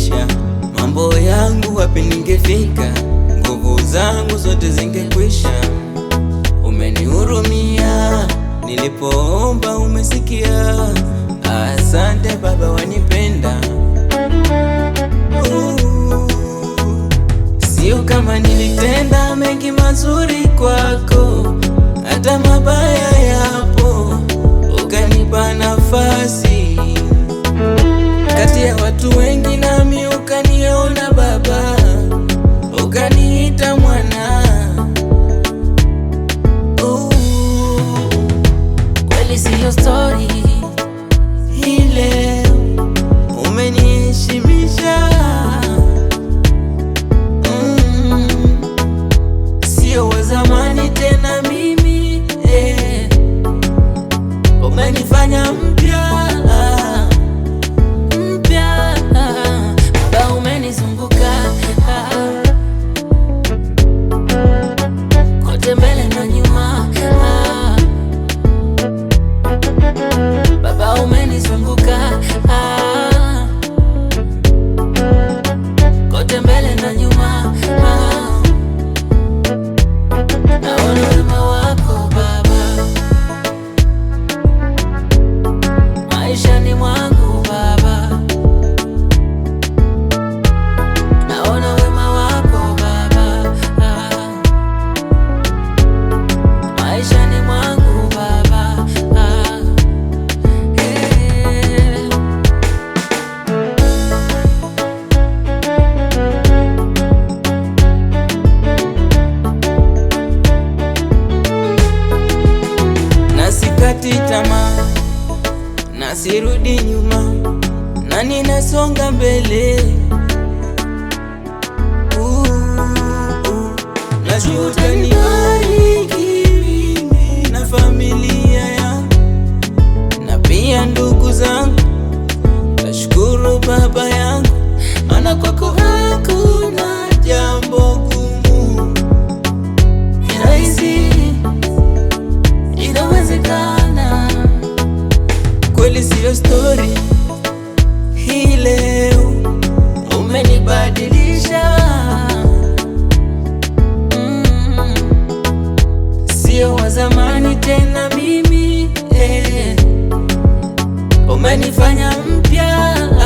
maisha, mambo yangu wapi ningefika, nguvu zangu zote zingekwisha. Umenihurumia, nilipoomba umesikia. Asante Baba wanipenda. Sio kama nilitenda mengi mazuri kwako, hata mabaya yapo, ukanipa nafasi kati ya watu wengi. sikati tamaa na sirudi nyuma na ninasonga mbele. uh, uh, na familia yangu na pia ndugu zangu, nashukuru baba yangu, maana kwako ndiyo stori hii leo, umenibadilisha mm Sio wa zamani tena mimi eh. Umenifanya mpya